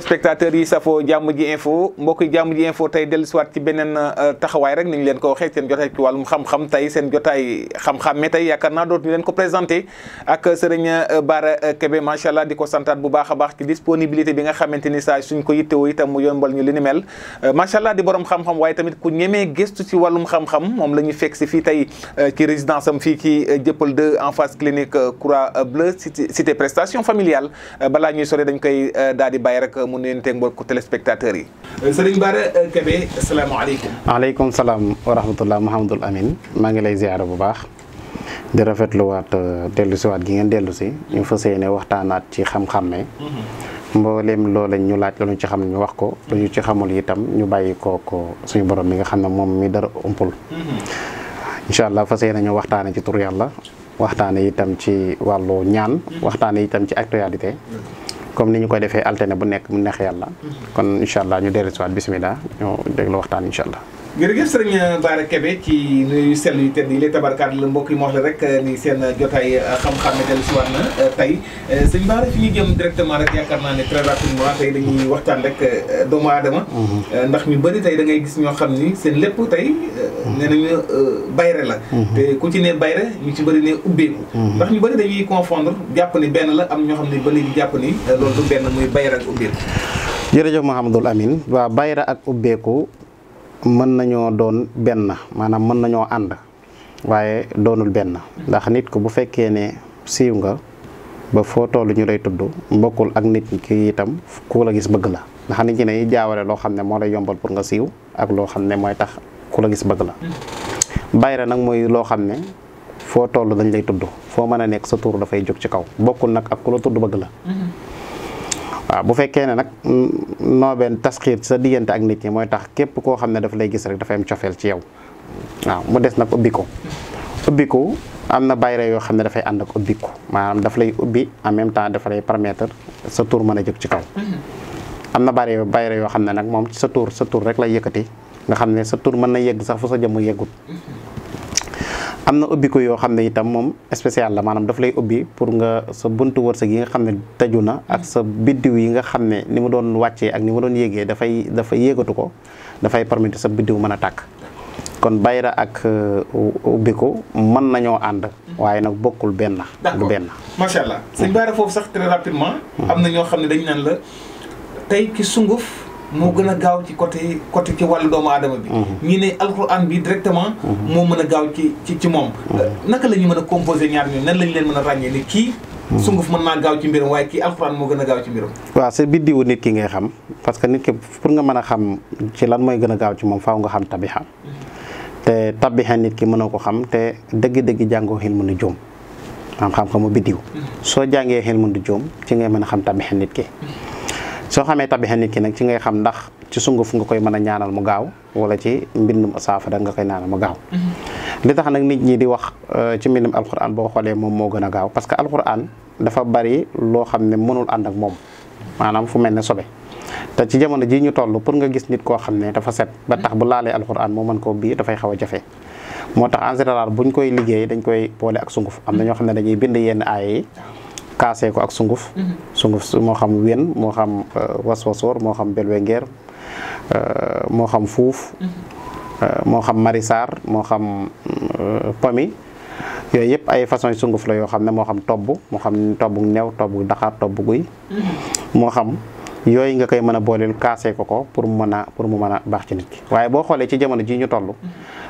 spectateurs yi safoo jàmm ji info mbokk yi jàmm ji info tey dellusiwaat ci beneen euh, taxawaay rek ni ñu leen ko waxee seen jotaay ci wàllum xam-xam tey seen jotaay xam-xam mais tey yaakaar naa ñu leen ko présenté ak sëriñ euh, Bara euh, Kébé macha allah di ko santaat bu baax a baax ci disponibilité bi nga xamante ni saa suñ ko yittewoo itam mu yombal ñu li ni mel macha allah di borom xam-xam waaye tamit ku ñemee gestu ci wàllum xam-xam moom la ñu fekk si fii tey ci résidence am fii ci Dieuppeul 2 en face clinique Croix Bleue cité prestation familiale balaa ñuy sore dañ koy daal di bàyyi rek mu nuyonteeg mbokku téléspectateurs yi. Serigne Bara Kébé salaam wa rahmatulah Mouhamadul Amin maa ngi lay ziara bu baax. di rafetluwaat euh, dellu si waat gi ngeen dellu si ñu fas yéene waxtaanaat ci xam-xamme mm-hmm. mbooleem loola ñu laaj lu ci xam ñu wax ko lu ci xamul itam ñu bàyyi ko ko suñu borom mi nga xam ne moom mi dara umpul mm-hmm. incha allah fa yéene ñu waxtaane ci tur la waxtaane itam ci wàllu ñaan mm-hmm. waxtaane itam ci actualité comme ni ñu koy defee alterné bu nekk mu neex yàlla mm-hmm. kon incha allah ñu dellusiwaat bisimilah ñu déglu waxtaan incha jërëjëf sëriñ Bara Kebe ci nuyu sell yu tedd yi lay tabarkaat la mbokk yi ma wax rek ni seen jotaay xam-xam ne dellu si waat na euh, tey euh, sëñ Bara fi ñu jëm directement rek yaakaar naa ne très rapidement tey dañuy waxtaan rek euh, doomu aadama mhm. ndax ñu bëri tey da ngay gis ñoo xam ni seen lépp tey nee nañu bayre la mhm. te ku ci ne bayre ñu ci bëri ne ubbeeku mhm. ndax ñu bëri dañuy confondre jàpp ni benn la am ñoo xam ne ba léegi jàpp ni loolu du benn muy bayre ak ubbeeku jërëjëf Mouhamadul Amine waa bayre ak ubbeeku mën nañoo doon benn maanaam mën nañoo ànd waaye doonul benn ndax nit ko bu fekkee ne siiw nga ba foo toll ñu lay tudd bokkul ak nit ki itam ku la gis bëgg la ndax nit ñi dañuy jaawale loo xam ne moo lay yombal pour nga siiw ak loo xam ne mooy tax ku la gis bëgg la bayra nag mooy loo xam ne foo toll dañ lay tudd foo mën a nekk sa tuur dafay jóg ci kaw bokkul nag ak ku la tudd bëgg la mm-hmm. waaw bu fekkee ne nag noobeen tasxiir sa diggante ak nit ñi mooy tax képp koo xam ne daf lay gis rek dafay am cofeel ci yaw waaw mu des nag ubbi ko ubbi ko am na bayre yoo xam ne dafay ànd ak ubbi ko maanaam daf lay ubbi en même temps dafa lay permettre sa tour mën a jóg ci kaw am na bayre bayre yoo xam ne nag moom sa tur sa tur rek lay yëkkati nga xam ne sa tur mën na yegg sax fu sa jëmm yeggut am na ubbi ko yoo xam ne itam moom spécial la maanaam daf lay ubbi pour nga sa buntu wërsëg yi nga xam ne tëju na ak sa biddiw yi nga xam ne ni ma doon wàccee ak ni ma doon yéegee dafay dafa yéegatu ko dafay permettre sa biddiw mën a takk kon bayra ak euh, ubbiku mën nañoo ànd waaye nag bokkul benn du benn macha allah mm. sëñ bayra foofu sax très rapidement mm. am na ñoo xam ne dañ naan la tey ki sunguf moo gën a gaaw ci côté côté ci wàllu doomu aadama bi mhm. ñu ne alxuraan bi directement mhm. moo mën a gaaw ci ci ci moom mhm. euh, naka la ñu mën a composé ñaar ñoom nan lañ leen mën a ràññee ni kii sunguf mën naa gaaw ci mbiram waaye kii alxuraan moo gën a gaaw ci mbiram waaw c'est biddiwu nit ki ngay xam parce que nit ki pour nga mën a xam ci lan mooy gën a gaaw ci moom faaw nga xam tabixam te tabixa nit ki mën mënoo ko xam te dëgg-dëgg jàngoo xilmu nu joom am xam-xamu biddiw soo jàngee xilmu nu joom ci ngay mën a xam tabixa nit ki soo xamee tabixa nit ki nag ci ngay xam ndax ci sunguf nga koy mën a ñaanal mu gaaw wala ci mbindum saafara nga koy ñaanal mu gaaw mm-hmm. li tax nag nit ñi di wax euh, ci mbindum alquran boo xoolee moom moo gën a gaaw parce que alquran dafa bari loo xam ne mënul ànd ak moom maanaam fu mel ne sobe te ci jamono ji ñu toll pour nga gis nit koo xam ne dafa set ba tax bu laalee alquran moo mën koo bii dafay xaw a jafe moo tax en général buñ koy liggéey dañ koy boole ak sunguf am na ñoo xam ne dañuy bind yenn aay kaasee ko ak sunguf mhm. sunguf moo xam wen moo xam euh, waswasoor moo xam belwengeer euh, moo xam fuuf mhm. euh, moo xam marisaar moo xam pomi yooyu yëpp ay façon sunguf la yoo xam ne moo xam tobb moo xam tobb neew tobb daxaar tobb guy mhm. moo xam yooyu nga koy mën a booleel kaasee ko ko pour mu mën a pour mu mën a baax ci nit ki waaye boo xoolee ci jamono ji ñu toll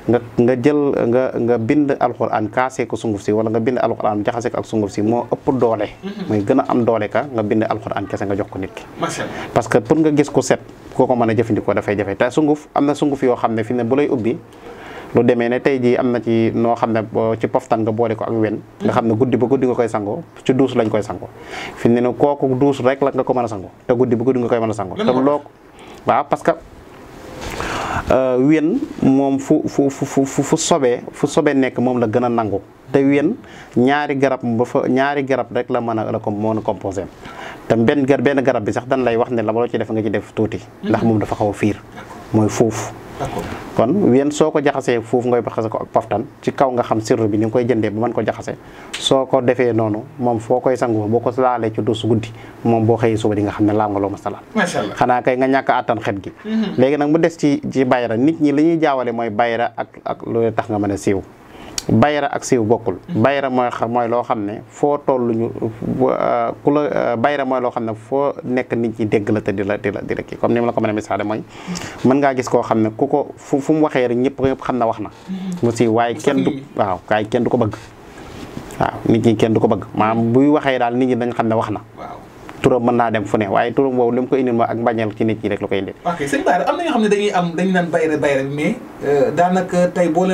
nga nga jël nga nga bind alxuraan kaasee ko sunguf si wala nga bind alxuraan jaxase ko ak sunguf si moo ëpp doole mooy gën a am doole ka nga bind alxuraan kese nga jox ko nit ki parce que pour nga gis ku set koo ko mën a dafay jafe ta sunguf am na sunguf yoo xam ne fi ne bu lay ubbi lu demee ne tey jii am na ci noo xam ne ci poftan nga boole ko ak wen nga xam ne guddi ba guddi nga koy sango ci duus lañ koy sango fi ne ne kooku duus rek la nga ko mën a sango te guddi ba guddi nga koy mën a sango te parce que euh, wen moom fu sobee fu sobee nekk moom la gën a nangu te ñaari garab ba fa ñaari garab rek la mën a la ko mën a composé te benn benn garab bi sax dañ lay wax ne la loo ci def nga ci def tuuti ndax moom dafa xaw a fiir mooy foofu kon ween soo ko jaxasee foofu nga ngay baxase ko ak paftan ci kaw nga xam sirru bi ni nga koy jëndee ba mën ko jaxase soo ko defee noonu moom foo koy sangoo boo ko laalee ci dus guddi moom boo xëyee suba di nga xam ne laal nga loo ma salaat xanaa kay nga ñàkk attan xet gi mhm. léegi nag mu des ci ci bayra nit ñi li ñuy jaawale mooy bayra ak ak loolu tax nga mën a siiw bayra ak siiw bokkul bayra mooy loo xam ne foo toll ñu la bayra mooy loo xam ne foo nekk nit ñi dégg la te di la di la di la kii comme ni ma la ko mën a misaale mooy ne ko fu fu mu waxee rek ñëpp na wax na mu mm-hmm. siiw waaye kenn du waaw waaye du ko bëgg waaw nit ñi kenn du ko bëgg maanaam buy waxee daal nit ñi dañ xam ne wax na turam mën naa dem fu ne waaye turam boobu li mu ko indil ma ak mbañeel ki nit ñi rek la koy indil ok sëñ Bara am na ñoo xam ne dañuy am dañu naan bayra bayra mais euh, daanaka tey boo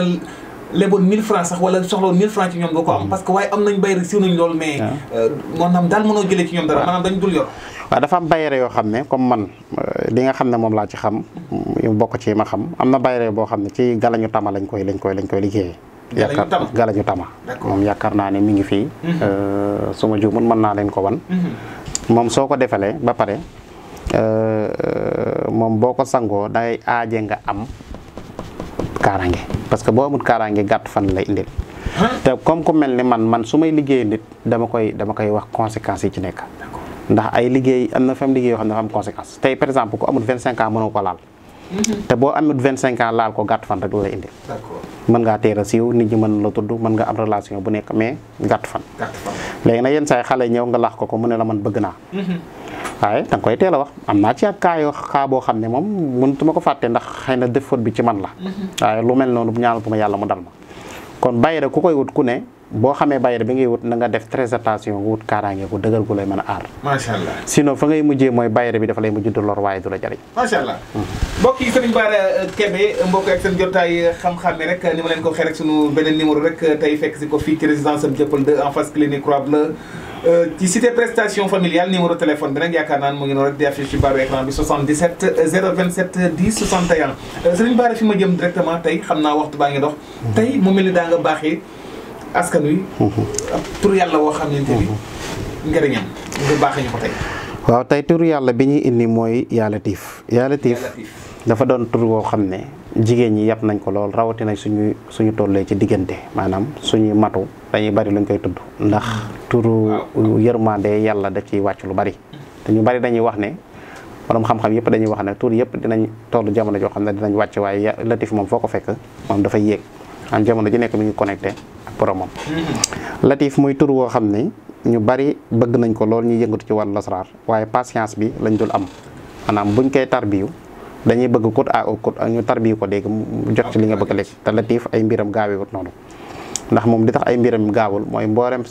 leboon 1000 francs sax wala soxla woon 1000 ci ñoom doo ko am mm. parce que waaye am nañ bayre siw nañ loolu mais euh, maanaam daal mënoo jëlee ci ñoom dara maanaam dañ dul yor waaw dafa am bayre yoo xam ne comme man euh, li nga xam ne moom laa ci xam mm, bokk ci ma xam am na bayre boo xam ne ci galañu tama lañ koy lañ koy lañ koy liggéeyee yaakaar galañu tama moom yaakaar naa ne mu ngi fii mm-hmm. euh, suma ma juumul man naa leen ko wan mm-hmm. moom soo ko defalee ba pare moom boo ko sangoo day aaje nga am kaaraange parce que boo amul kaaraange gàtt fan lay indil. te comme ku mel ni man man sumay liggéey nit dama koy dama koy wax conséquences yi ci nekk. ndax ay liggéey am na fam liggéey yoo xam ne dafa am conséquence tey par exemple ku amul 25 ans mënoo ko laal. te boo amut vingt cinq ans laal ko gàtt fan rek la lay indi mën ngaa teel a siiw nit ñi mën la tudd mën nga am relation bu nekk mais gàtt fan léegi yenn saay xale ñëw nga laax ko ko mu ne la man bëgg naa mhm. waaye danga koy teel a wax am naa ci ak kaayoo xaa boo xam ne moom mënutuma ko fàtte ndax xëy na def faute bi ci man la mhm. waaye lu mel noonu ñaanal bu ma yàlla mu dal ma kon bàyyi rek ku koy wut ku ne boo xamee bayre bi ngay wut na nga def très attention wut kaaraange gu dëgër gu lay mën a aar. macha allah sinon fa ngay mujjee mooy bayre bi dafa lay mujj du lor waaye du la jariñ. macha allah. Hmm. mbokk yi Serigne Bara euh, Kébé mbokk euh, ko waxee rek sunu euh, ci résidence am Dieuppeul 2 téléphone bi yaakaar naan mu ngi noonu rek di affiche ci baaru écran bi 77 027 10 61 Serigne Bara fi ma jëm directement tey xam naa waxtu baa ngi dox. Hmm. askan wi. tur yàlla woo xamante ni. njëriñam lu baax ñu waaw tey tur yàlla bi ñuy indi mooy yàlla tiif yàlla Latiif dafa doon tur woo xam ne jigéen ñi yàpp nañ ko lool rawatina suñu suñu tollee ci diggante maanaam suñuy matu dañuy bari luñ koy tudd. ndax turu yërmande yàlla da ciy wàcc lu bari. te ñu bari dañuy wax ne. borom xam-xam yëpp dañuy wax ne tur yëpp dinañ toll jamono joo xam ne dinañ wàcc waaye Latif moom foo ko fekk moom dafay yéeg am jamono ji nekk mi ngi connecté ak boromam. Latif muy tur woo xam ni ñu bari bëgg nañ ko lool ñuy yëngatu ci wàllu lasraar waaye patience bi lañ dul am maanaam buñ koy tarbiyu dañuy bëgg code à code ñu tarbiyu ko léegi mu jot ci li nga bëgg a lekk te Latif ay mbiram gaawewut noonu. ndax moom li tax ay mbiram gaawul mooy mbooreem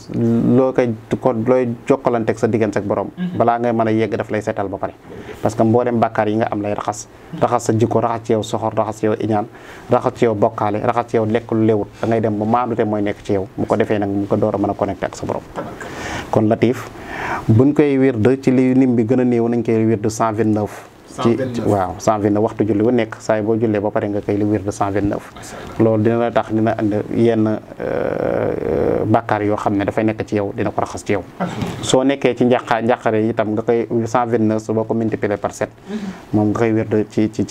loo koy ko looy jokkalanteeg sa diggante ak borom. Mhm. balaa ngay mën a yegg daf lay setal ba pare. parce que mbooleem bakaar yi nga am lay raxas. Mhm. raxas sa jikko raxas ci yow soxor raxas ci yow iñaan raxas ci yow bokkaale raxas ci yow lekk lu lewut da dem ba maandute mooy nekk ci yow mu ko defee nag mu ko door a mën a connecté ak sa borom. kon Latif buñ koy wird ci li lim bi gën a néew nañ koy wird 129. ci waaw 129 waxtu julli wu nekk saa boo jullee ba pare nga koy li wird 129 loolu dina la tax dina ànd yenn euh, euh, bakaar yoo xam ne dafay nekk ci yow dina ko raxas ci yow soo nekkee ci njàqa njàqare itam nga koy 129 boo ko multiplier par 7 mm-hmm. moom koy wird ci ci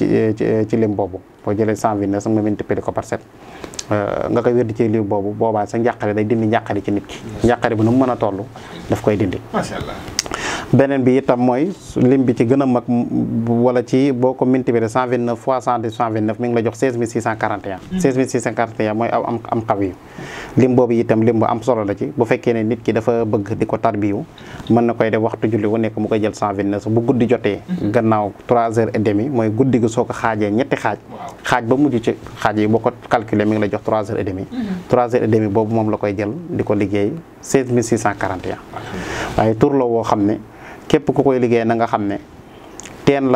ci lim boobu boo jëlee 129 nga multiplier ko par 7 euh, nga koy wér di ci boobu boobaa sa njàqare day dindi njàqare ci nit ki njàqare bu nu mu mën a toll daf koy dindi beneen bi itam mooy lim bi ci gën mag wala ci boo ko multiplier 129 fois 129 la jox 16641. 16641 mm. mooy am am xaw yi lim boobu itam lim bu am solo la ci bu fekkee ne nit ki dafa bëgg di ko tarbiyu mën na koy def waxtu julli wu nekk mu koy jël 129 bu guddi jotee. Mm-hmm. gannaaw 3 heures et demi mooy guddi gi soo xaajee ñetti xaaj. xaaj ba mujj ci xaaj yi boo ko calculer mi ngi la jox 3 heures et demi. Mm-hmm. boobu moom la koy jël di ko liggéey 16641. waaye tur la woo xam ne. képp ku koy liggéey na nga xam ne teen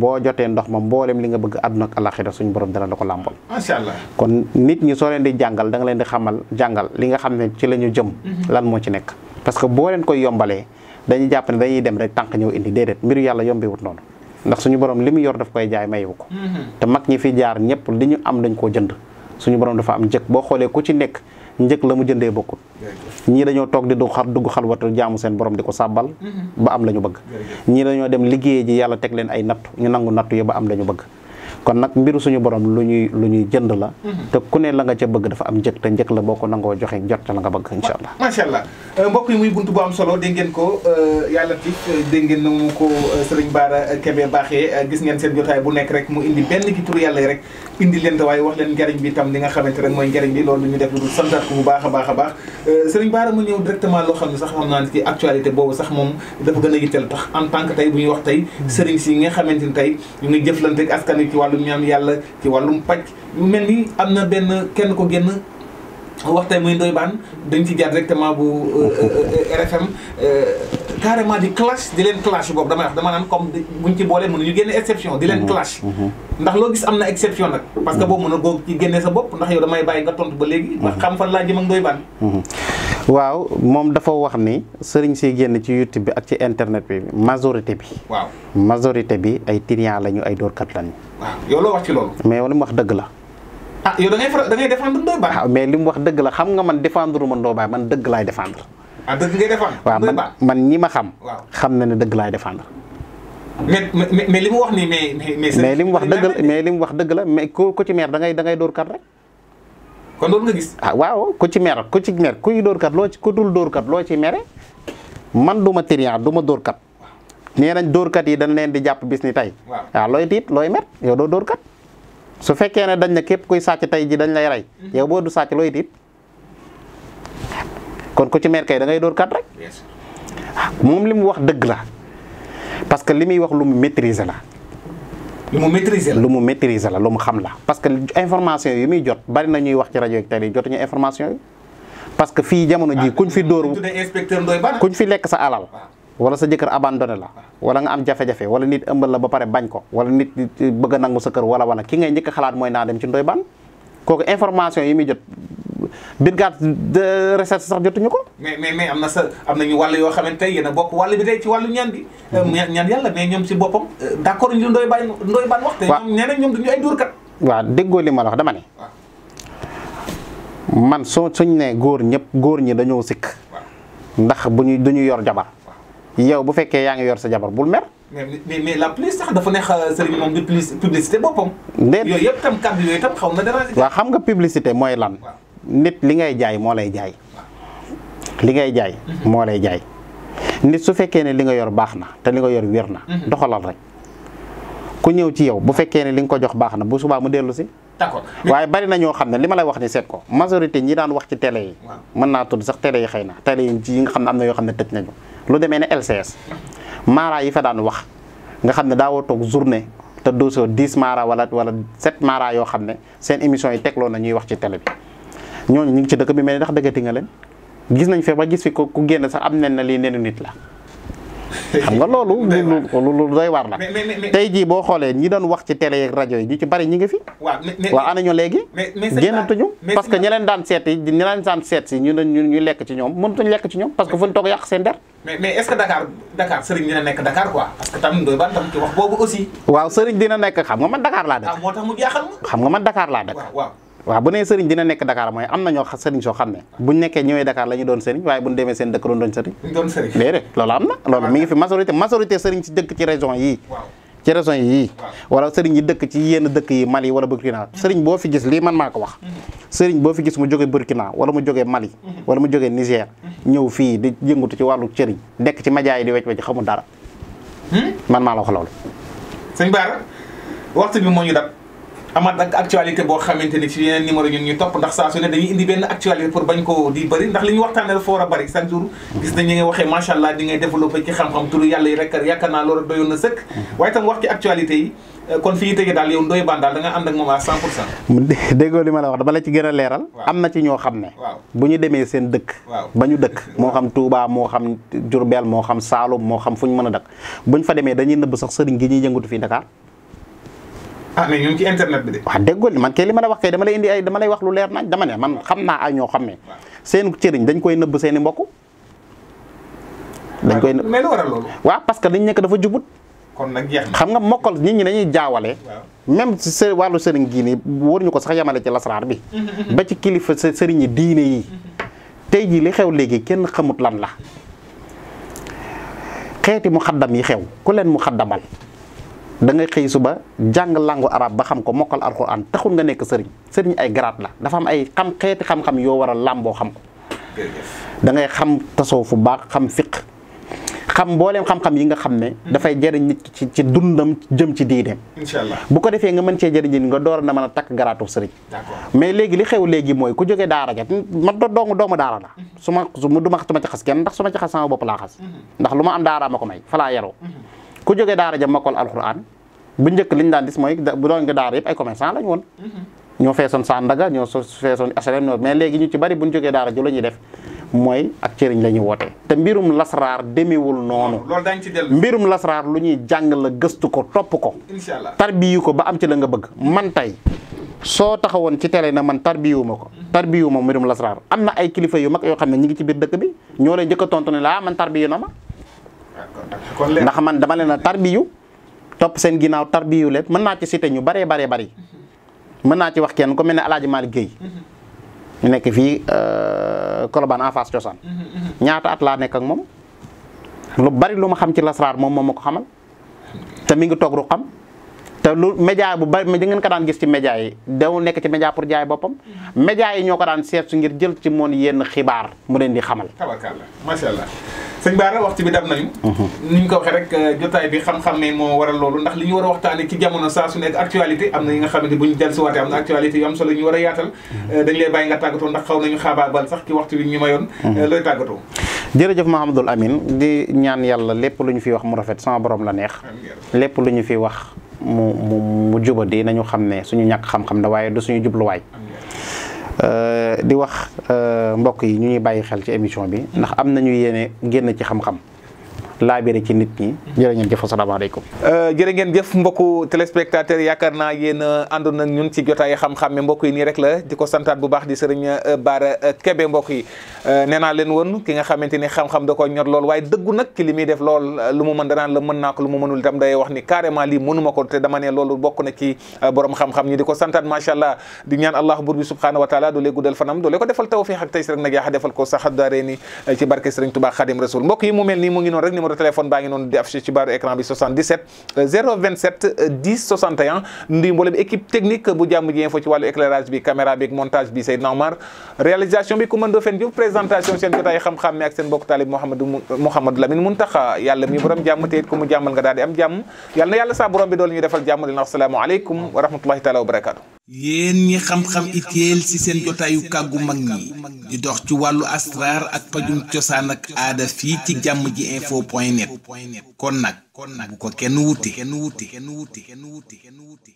boo jotee ndox ma mboolem li nga bëgg àdduna ak alaxira suñu borom la ko làmbal macha allah kon nit ñi soo leen di jàngal da leen di xamal jàngal li nga xam ne ci la ñu jëm mhm. lan moo ci nekk parce que boo leen koy yombalee dañuy jàpp ne dañuy dem rek tànk ñëw indi déedéet mbiru yàlla yombewut noonu ndax suñu borom li mu yor daf koy jaay mayewu ko mhm. te mag ñi fi jaar ñëpp li ñu am dañ ko jënd suñu borom dafa am njëkk boo xoolee ci nekk njëkk la mu jëndee bokkut ñii dañoo toog di dugg dugg xalwatu jaamu seen borom di ko sàbbal ba am la ñu bëgg ñii dañoo dem liggéeyee ji yàlla teg leen ay nattu ñu nangu nattu yi ba am la bëgg kon nag mbiru suñu borom lu ñuy lu ñuy jënd la mhm. te ku ne la nga ca bëgg dafa am njëg te njëg la boo ko nangoo joxe jot ca la nga bëgg insha allah macha allah euh, mbokk euh, euh, mu ko Serigne Bara Kébé baaxee gis ngeen seen jotaay bi li nga xamante rek mooy njariñ bi loolu ñu def lu dul santaat ko bu baax a baax a xam ne boobu sax moom dafa gën a yitteel tax en tant tey bu ñuy wax tey mhm. Serigne si nga xamante ni tey ñu ngi jëflante ak askan wi lu ñaan yàlla ci wàllum paj mel ni am na benn kenn ko génn wax tey muy Ndoye Bane dañ ci jaar directement bu euh, euh, euh, RFM carrément di clash di leen clash boobu damay wax dama naan comme buñ ci boolee mënuñu génne exception di leen mhm, clash mhm. ndax loo gis am na exception nag parce que mhm. boobu mën a goo ci génnee sa bopp ndax yow damay bàyyi nga tontu ba léegi ndax xam fan laa jëm ak Ndoye waaw moom dafa wax ni sëriñ siy génn ci YouTube bi ak ci internet bi majorité bi waaw majorité bi ay tiriyan lañu ay dóorkat lañu waaw yow loo wax ci loolu mais wala mu wax dëgg la ah yow da ngay da ngay défendre Ndoye ah, wax dëgg la xam nga man défendre ma Ndoye Bane man dëgg laay défendre. ah dëgg ngay défendre. waaw man man ma xam. xam na ne dëgg laay défendre. mais mais li mu wax nii mais mais. mais li mu wax dëgg la mais li mu wax dëgg la mais ku ku ci meer dangay ngay da ngay dóor kat rek. kon loolu nga gis. Ah, waaw ku ci meer ku ci meer kuy dóor kat loo ci ku dul dóor kat loo ci mere man du ma tëriñaa du ma dóor kat. nee nañ doorkat yi dañ leen di jàpp bis ni tey. waaw ah, looy tiit looy mer yow doo dóor su fekkee ne dañ na képp kuy sàcc tey ji dañ lay rey mhm. yow boo du sàcc looy tiit kon ku ci mer kay da ngay dóor kat rek moom li mu wax dëgg la parce que li muy wax lu mu maîtriser la. lu mu maîtriser la lu mu maîtriser la lu mu xam la parce que information yi muy jot bari na ñuy wax ci rajo ak télé jotuñu information yi parce que fii jamono ji ah, kuñ fi dóor kuñ fi lekk sa alal. Ah. wala sa jëkkër abandonné la wala nga am jafe-jafe wala nit ëmbal la ba pare bañ ko wala nit bëgg nangu sa kër wala wala ki ngay njëkk xalaat mooy naa dem ci ndoy baan kooku information yi muy jot brigade de recherche sax jotuñu ko. mais mais am na sa am nañu wàll yoo xamante ne yéen a bokk wàll bi tey ci wàllu ñaan bi. Euh, mm-hmm. ñaan yàlla mais ñoom si boppam. Euh, d' accord ñu ndoy baan ndoy baan wax. te ñoom nee nañ ñoom ay dóorkat. waaw déggoo li ma la dama ne. man soo suñ nee góor ñëpp góor ñi dañoo sikk ndax bu ñu duñu yor jabar yow bu fekkee yaa ngi yor sa jabar bul mer. mais la dafa neex euh, sëriñ moom di publicité boppam. déedéet yooyu yëpp tam kàddu yooyu xaw na dara. waaw xam nga publicité mooy lan. nit li ngay jaay moo lay jaay. li ngay jaay mhm. lay jaay. nit su fekkee ne li nga yor baax na te li nga yor wér na. Mhm. doxalal rek ku ñëw ci yow bu fekkee ne li nga ko jox baax na bu subaa mu dellu si. d'accord waaye bari na ñoo xam ne li ma lay wax ni seet ko majorité ñi daan wax ci télé yi. mën naa tudd sax télé yi xëy na télé yi nga xam ne am na yoo xam ne tëj nañu. lu demee ne LCS mara yi fa daan wax nga xam ne daawoo toog journée te doosoo 10 maara wala wala set maara yoo xam ne seen émission yi tegloo na ñuy wax ci télé bi ñooñu ñu ngi ci dëkk bi mel ni ndax dëggati nga leen gis nañ fe ba gis fi ku génne sax am nen li lii nenu nit la xam nga loolu. lu doy waar la tey jii boo xoolee ñi doon wax ci tele ak rajo yi ñu ci bari ñi ngi fi. waaw waaw ana ñu léegi. génnatuñu parce que ñi leen daan seet yi ñi seet si ñu ne ñu lekk ci ñoom mënatuñ lekk ci ñoom parce que fu ñu toog yàq seen der. nekk Dakar quoi parce que waaw sëriñ dina nekk xam nga man Dakar laa dëkk. ah moo tax mu jaaxal ma. xam nga man dakaar laa dëkk. waaw waaw bu nee sëriñ dina nekk Dakar mooy am na ñoo sëriñ soo xam ne buñ nekkee ñëwee Dakar la doon sëriñ waaye buñ demee seen dëkk doon doon sëriñ déedéet loolu am na loolu mi ngi fi majorité sëriñ si dëkk ci région yii ci région yii wala sëriñ yi dëkk ci yenn dëkk yi Mali wala Burkina mm-hmm. sëriñ boo fi gis lii man maa ko wax mm-hmm. sëriñ boo fi gis mu jógee Burkina wala mu jógee Mali mm-hmm. wala mu jógee Niger ñëw fii di yëngutu ci wàllu sëriñ dekk ci média yi di wecc wecc xamul hmm? la wax loolu sëñ Bara amaat ak actualité boo xamante ni ci yeneen numéro ñun ñu topp ndax saa su ne dañuy indi benn actualité pour bañ ko di bëri ndax li waxtaanee dafa war a bëri ci wax ci actualité yi fi ñu tëjee daal yow da nga ànd li ma la wax dama la ci gën a leeral am na ci ñoo xam ne bu ñu demee seen dëkk ba ñu dëkk moo xam Touba moo xam Diourbel moo xam Saloum moo xam fu ñu mën a dëkk buñ fa demee dañuy nëbb sax sëriñ gi ñuy yëngatu fii Dakar waa ah, mais ñun bi wax déggoo li man kay li ma la wax kay dama lay indi ay dama lay wax lu leer nañ dama ne man xam naa ay ñoo xam ne. seen cëriñ dañ koy nëbb seen i mbokk. dañ koy mais lu waral waaw parce que dañ nekk dafa jubut. kon xam nga mokkal nit ñi dañuy jaawale. même si seen wàllu sëriñ diine war ñu ko sax yemale ci lasraar bi. ba ci kilifa sëriñ yi diine yi. tey jii li xew léegi kenn xamut lan la. xeeti mu xaddam yi xew ku leen mu xaddamal. da ngay xëy suba jàng langu arab ba xam ko mokkal alxuraan taxul nga nekk sëriñ sëriñ ay garaat la dafa am ay xam xeeti xam-xam yoo waral a làmboo xam ko da ngay xam tasoo fu baax xam fiq xam mbooleem xam-xam yi nga xam ne hmm. dafay jëriñ nit ci ci dundam jëm ci diineem inshallah bu ko defee nga mën cee jëriñ nit nga door na mën a takk garaatu sëriñ mais léegi li xew léegi mooy ku jógee daara ja ma do doomu doomu daara la hmm. su ma du ma du ma ci xas kenn ndax su ma ci xas sama bopp laa hmm. ndax lu ma am ko may falaa yaroo ku jógee daara ja mokkal alxuraan bu njëkk liñ daan gis mooy bu doon nga daara yëpp ay commerçant lañ woon. Mm-hmm. ñoo feesoon Sandaga ñoo feesoon asalem H&M mais léegi ñu ci bari buñ jógee daara ju la ñuy def mooy ak cëriñ la ñuy woote te mbirum lasraar demewul noonu ah, mbirum lasraar lu ñuy jàng la gëstu ko topp ko tarbiyu ko ba am ci la nga bëgg man tey soo taxawoon ci télé na man tarbiyu ma ko mm-hmm. tarbiyu ma mbirum lasraar am na ay kilifa yu mag yoo xam ne ñi ngi ci biir dëkk bi ñoo lay njëkk a tontu ne laa ah, man tarbiyu na ma ndax man dama leen a tarbiyu topp seen ginnaaw tarbiyu leen mën naa ci cité ñu baree baree bari mën naa ci wax kenn ko mel ne Alaaji Malick Guèye mhm. ñu nekk fii euh, Colobane en face cosaan mhm, mhm. ñaata at la nekk ak moom lu bari lu ma xam ci lasraar moom moom ma ko xamal te mi ngi toog ru xam lu média bu bari da ngeen ko daan yi dawul nekk ci média pour yi ñoo ko daan seet su ngir jël ci moon yenn xibaar mu leen di xamal sëñ Bara waxtu bi dab nañu. Mhm. ni ñu ko waxee rek euh, jotaay bi xam ne moo waral loolu ndax li ñu war a waxtaanee ci jamono saa su nekk actualité am na nga xamante bu ñu dellusiwaatee am na actualité yu am solo ñu war mhm. euh, nga tàggatoo ndax xaw nañu xaabaabal sax ci waxtu bi ñu mayoon. Mhm. Euh, looy tàggatoo. jërëjëf Mahamadul Amin di ñaan yàlla lépp lu ñu fi wax mu rafet sama borom la neex. lépp lu ñu fi wax mu mu mu jubadi nañu xam ne suñu ñàkk xam-xam waaye du suñu jubluwaay Euh, di wax euh, mbokk yi ñu ñuy bàyyi xel ci émission bi ndax am nañu yéene génn ci xam-xam laabire ci nit ñi jërë ngeen jëf asalaamaaleykum euh, jërë ngeen jëf mbokku téléspectateur yaakaar naa yéen euh, àndoon nag ñun ci jotaay xam-xam ne mbokk yi nii rek la di ko santaat bu baax di sëriñ euh, Bara Kebe mbokk yi nee naa leen woon ki nga xamante ni xam-xam da ko ñor lool waaye dëggu li mu mën danaan la mën naa ko lu mu mënul itam day wax ni carrément lii mënuma ko numéro téléphone baa ngi noonu di affiché ci baaru écran bi 77 027 10 61 ndi mboolem équipe technique bu jàmm ji info ci wàllu éclairage bi caméra bi ak seen mbokk taalib Mouhamadou Mouhamadou Lamine Muntaxa yàlla mi borom jàmm te it jàmmal nga daal am jàmm yàlla na bi dool ñu defal jàmm dina wax salaamaaleykum wa rahmatullahi taala wa barakaatu xam-xam itéel ci seen jotaayu kàggu mag ñi dox ci wàllu asrar ak point net kon nag kon nag bu ko kenn wuti kenn wuti kenn wuti kenn wuti kenn wuti